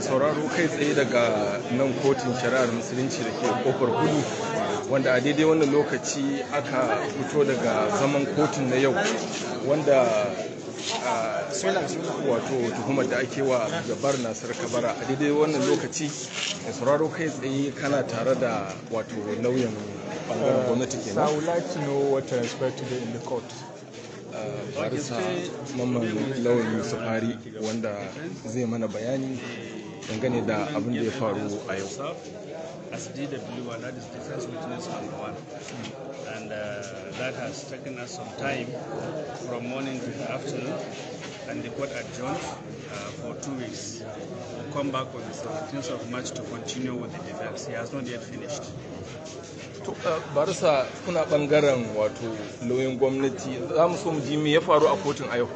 sauraro kai tsaye daga nan kotun shari'ar musulunci da ke kofar hudu wanda a daidai wannan lokaci aka fito daga zaman kotun na yau wanda wato tuhumar da ake wa gabar nasar kabara a daidai wannan lokaci da sauraro kai tsaye kana tare da wato lauyan bangaren gwamnati ke nan. would in the court. barisa mamman lawan yusufari wanda zai mana bayani dangane da abin da ya faru a yau as DW that is defense witness number one. And uh, that has taken us some time from morning to the afternoon. And the court adjourned uh, for two weeks. We'll come back on the 17th of March to continue with the defense. He has not yet finished. Eh, barisa kuna bangaren wato lauyin gwamnati za mu so mu ji me ya faru a kotun a yau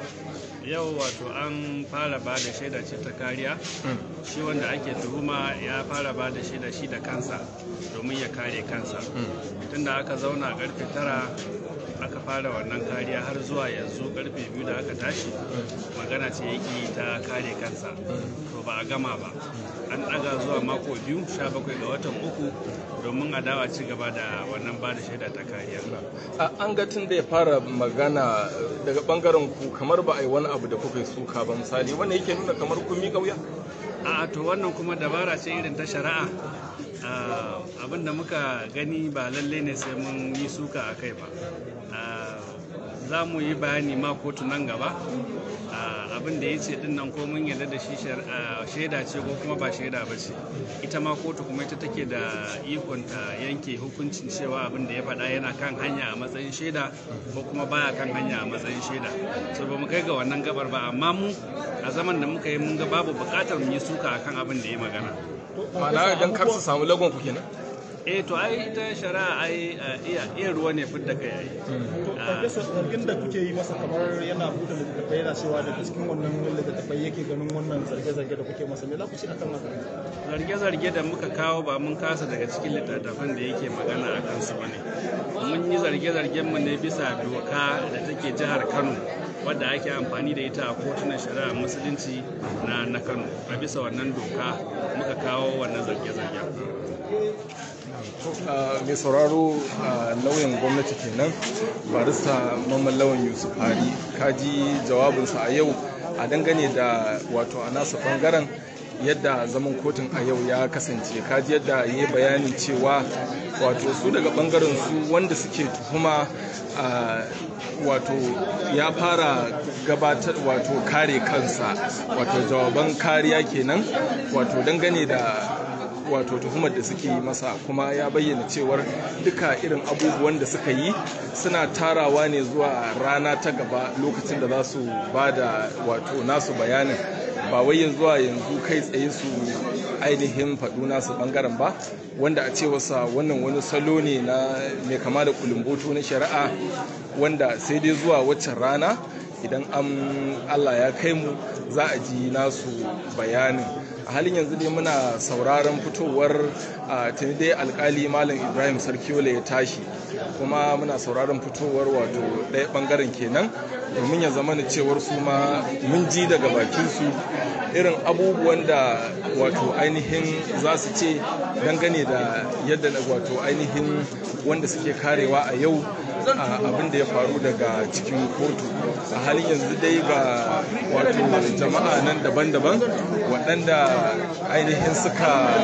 yau wato an fara ba da shaida ce ta kariya hmm. shi wanda ake tuhuma ya fara ba da shaida shi da kansa domin ya kare kansa hmm. tunda aka zauna karfe tara aka fara wannan kariya har zuwa yanzu karfe biyu da aka tashi magana ce yake ta kare kansa to ba a gama ba an ɗaga zuwa mako biyu sha bakwai ga watan uku domin a dawa ci gaba da wannan ba da shaida ta kariya an ga tun da ya fara magana eh, daga bangaren ku kamar ba a yi wani abu da kuka suka ba misali wanda yake nuna kamar kun mi kauya a to wannan kuma dabara ce irin ta shari'a ah, abin da muka gani ba lalle ne sai mun yi suka a kai ba Eh, za mu yi bayani ma kotu nan gaba eh, abin da ya ce din nan ko mun yarda da shi eh, shaida ce ko kuma ba shaida ba ce ita ma kotu kuma ita take da ikon ta yanke hukuncin cewa abin da ya faɗa yana kan hanya a matsayin shaida ko kuma baya kan hanya a matsayin shaida so ba mu kai ga wannan gabar ba amma mu a zaman da muka yi mun ga babu buƙatar mu yi suka akan abin da ya magana ma'ana idan kar su samu lagon ku kenan eh to ai ta shari'a ai iya ruwa ne da kai ai to zargin da kuke yi masa kamar yana buɗe tafai yana cewa da cikin wannan da tafai yake ganin wannan zarge-zarge da kuke masa me za ku ci akan haka zarge-zarge da muka kawo ba mun kasa daga cikin littattafan da yake magana a kansu bane mun yi zarge-zargen mu ne bisa doka da take jihar Kano wadda ake amfani da ita a kotunan shari'a musulunci na na Kano a bisa wannan doka muka kawo wannan zarge-zargen Eh, mai sauraro eh, lauyan gwamnati kenan barista mamman lawan yusuf hari kaji jawabinsa a yau a dangane da wato a nasa bangaren yadda zaman kotun a yau ya kasance kaji yadda ya yi bayanin cewa wato su daga bangaren su wanda suke tuhuma eh, wato ya fara gabatar wato kare kansa wato jawaban kariya kenan wato dangane da wato tuhumar da suke yi masa kuma ya bayyana cewar duka irin abubuwan da suka yi suna tarawa ne zuwa rana ta gaba lokacin da za su ba da wato nasu bayanin ba wai yanzu yanzu kai tsaye su ainihin faɗu nasu bangaren ba wanda a ce wasa wannan wani salo ne na mai kama da kulumboto na shari'a wanda sai dai zuwa waccan rana idan an allah ya kai mu za a ji nasu bayanin a halin yanzu dai muna sauraron fitowar tuni dai alkali malam ibrahim wale ya tashi kuma muna sauraron fitowar wato ɗaya ɓangaren kenan domin ya zama na cewar su ma mun ji daga bakinsu irin abubuwan da wato ainihin za su ce dangane da yadda wato ainihin wanda suke karewa a yau abin da ya faru daga cikin kotu a halin yanzu dai ga wato jama'a nan daban-daban waɗanda ainihin suka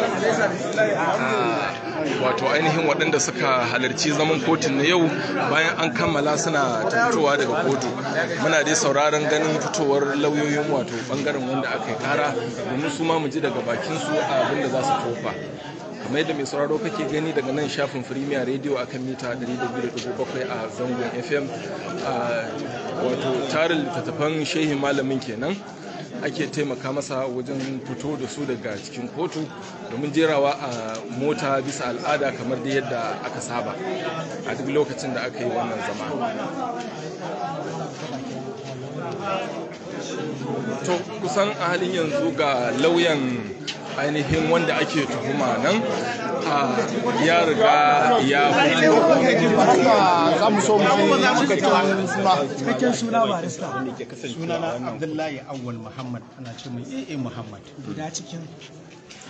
wato ainihin waɗanda suka halarci zaman kotun na yau bayan an kammala suna fitowa daga kotu muna dai sauraron ganin fitowar lauyoyin wato bangaren wanda aka yi kara domin su ma mu ji daga bakin su abin da za su tofa kamar yadda mai sauraro kake gani daga nan shafin firimiya rediyo a kan mita 200.7 a zangon fm wato tarin littattafan shehin malamin kenan ake taimaka masa wajen fito da su daga cikin kotu domin jerawa a mota bisa al'ada kamar da yadda aka saba a duk lokacin da aka yi wannan zama to kusan a halin yanzu ga lauyan ainihin wanda ake tuhuma nan ya riga ya za mu so mu suna cikin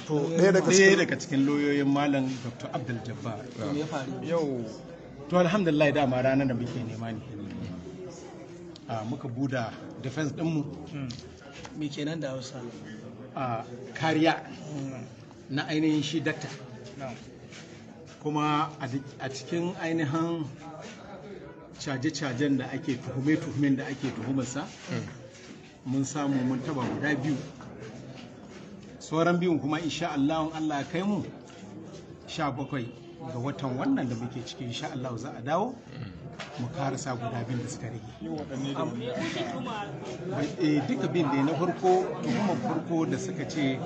to ɗaya cikin malam dr abdul jabbar yau to alhamdulillah dama ranar da muke nema ne muka buda defense ɗinmu me kenan da hausa A kariya na ainihin shi dakta kuma a cikin ainihin caje-cajen da ake tuhume-tuhumen da ake tuhumarsa mun samu mun taba guda biyu sauran biyun kuma insha Allah Allah kai mu sha bakwai ga watan wannan da muke ciki insha Allah za a dawo mu karasa guda bin da suka rage eh, duka bin da na farko tuhumar farko da suka ce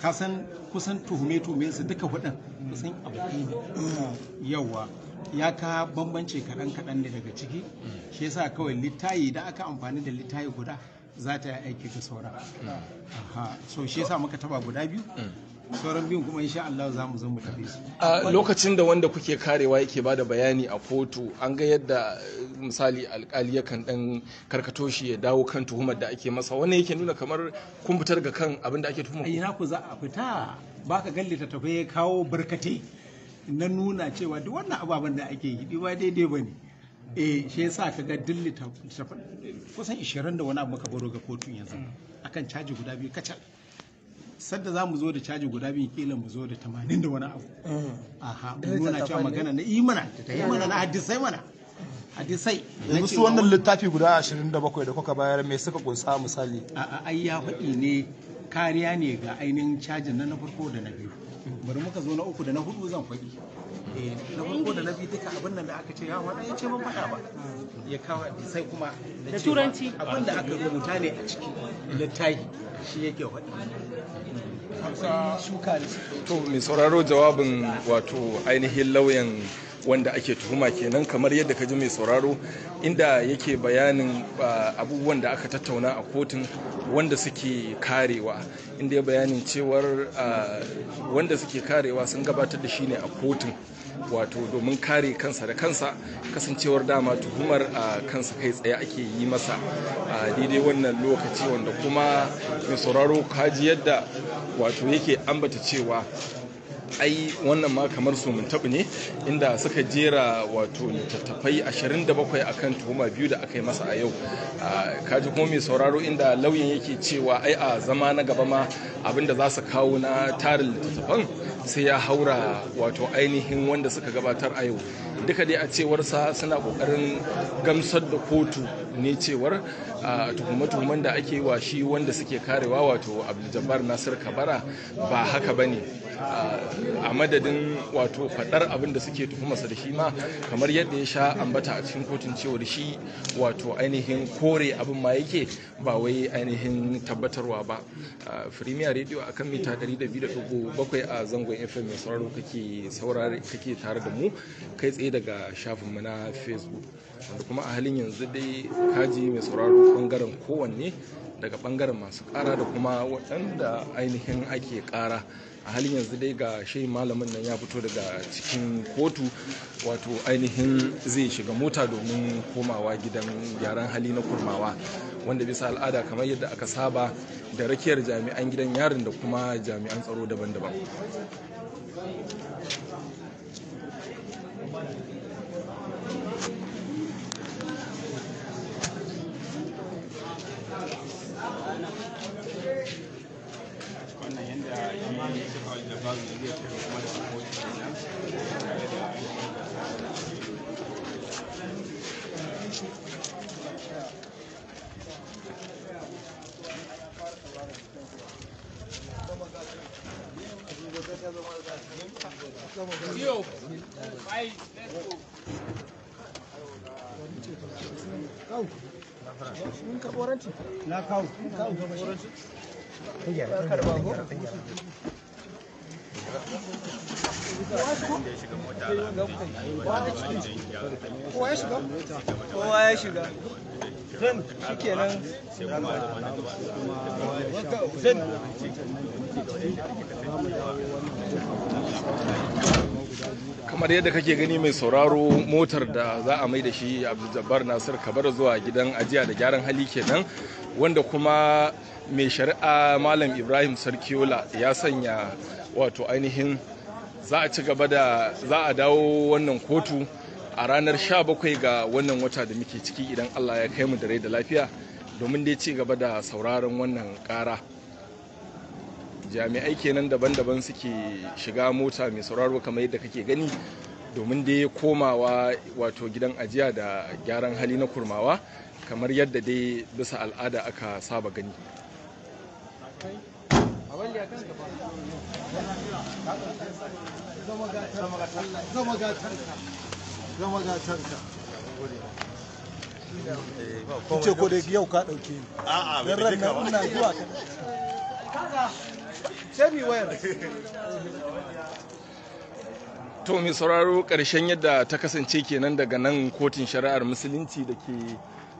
kasan kusan tuhume tuhume su duka hudun kusan abu ne yawa ya ka bambance kaɗan kaɗan ne daga ciki shi yasa kawai littayi da aka amfani da littayi guda za ta yi aiki ga saura mm. so shi yasa muka taba guda biyu mm. sauran biyun kuma insha Allah za mu zo mu tafi a lokacin da wanda kuke karewa yake bada bayani a kotu an ga yadda misali alkali yakan dan karkato shi ya dawo kan tuhumar da ake masa wannan yake nuna kamar kun fitar ga kan abin da ake tuhuma ai na ku za a fita baka gallita tafi ya kawo barkate na nuna cewa duk wannan ababen da ake yi ba daidai bane eh shi yasa ka ga dillita kusan 20 da wani abu muka baro ga kotun yanzu akan caji guda biyu kacal sadda za mu zo da caji guda biyu kila mu zo da tamanin da wani abu mm. aha mun nuna cewa magana na imana ta yi mana na hadisai mana hadisai yanzu su wannan littafi guda 27 da kuka bayar mai suka kunsa misali a ai ya faɗi ne kariya ne ga ainihin cajin na na farko da na biyu bari muka zo na uku da na hudu zan faɗi eh, na farko da na biyu duka abin nan da aka ce ya wani ya ce ban faɗa ba ya kawo hadisai kuma da turanci abin da aka rubuta ne a ciki. littafi shi yake faɗi to mai sauraro jawabin wato ainihin lauyan wanda ake tuhuma kenan kamar yadda ka ji mai sauraro inda yake bayanin ah, abubuwan da aka tattauna a kotun wanda suke karewa inda ya bayanin cewar ah, wanda suke karewa sun gabatar da shi ne a kotun wato domin kare kansa da kansa kasancewar dama tuhumar a kansa kai tsaye ake yi masa a daidai wannan lokaci wanda kuma mai sauraro kaji yadda wato yake ambata cewa ai wannan ma kamar su mun taɓa ne inda suka jera wato littattafai 27 akan tuhuma biyu da aka yi masa a yau kaji kuma mai sauraro inda lauyan yake cewa ai a zama na gaba ma abinda za su kawo na tarin littattafan sai ya haura wato ainihin wanda suka gabatar a yau duka dai a cewarsa suna kokarin gamsar da kotu ne cewar a tuhume da ake wa shi wanda suke karewa wato abdul nasir kabara ba haka ba ne a madadin wato faɗar abin da suke sa da shi ma kamar yadda ya sha ambata a cikin kotun cewar shi wato ainihin kore abin ma yake ba wai ainihin tabbatarwa ba firimiya rediyo a kan mita 200.7 a zangon fm mai sauraro kake tare da mu kai tsaye tsaye daga shafinmu na facebook wanda kuma a halin yanzu dai kaji mai sauraro bangaren kowanne daga bangaren masu kara da kuma waɗanda ainihin ake kara a halin yanzu dai ga shi malamin nan ya fito daga cikin kotu wato ainihin zai shiga mota domin komawa gidan gyaran hali na kurmawa wanda bisa al'ada kamar yadda aka saba da rakiyar jami'an gidan yarin da kuma jami'an tsaro daban-daban Thank you. Kau, mun não não não não kau. Waranci? Karɓa ko? kamar yadda kake gani mai sauraro motar da za a mai da shi jabbar nasir kabar zuwa gidan ajiya da gyaran hali kenan wanda kuma mai shari'a malam ibrahim sarkiola ya sanya wato ainihin za a ci gaba da za a dawo wannan kotu a ranar 17 ga wannan wata da muke ciki idan allah ya kai mu da rai da lafiya domin dai ci gaba da sauraron wannan kara jami'ai kenan daban-daban suke shiga mota mai sauraro kamar yadda kake gani domin dai komawa wato gidan ajiya da gyaran hali na kurmawa kamar yadda dai bisa al'ada aka saba gani tomi sauraro ƙarshen yadda ta kasance kenan daga nan kotun shari'ar musulunci da ke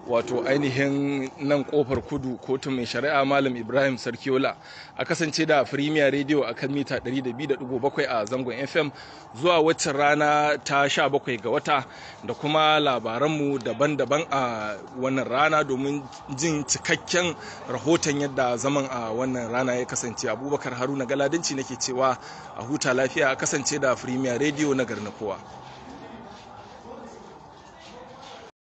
wato ainihin nan kofar kudu kotun mai shari'a malam ibrahim sarkiola a kasance da premier rediyo a kan mita bakwai a zangon fm zuwa wacce rana ta 17 ga wata da kuma labaranmu daban-daban a wannan rana domin jin cikakken rahoton yadda zaman a wannan rana ya kasance abubakar haruna galadinci nake cewa a huta lafiya a kasance da premier rediyo na garna kowa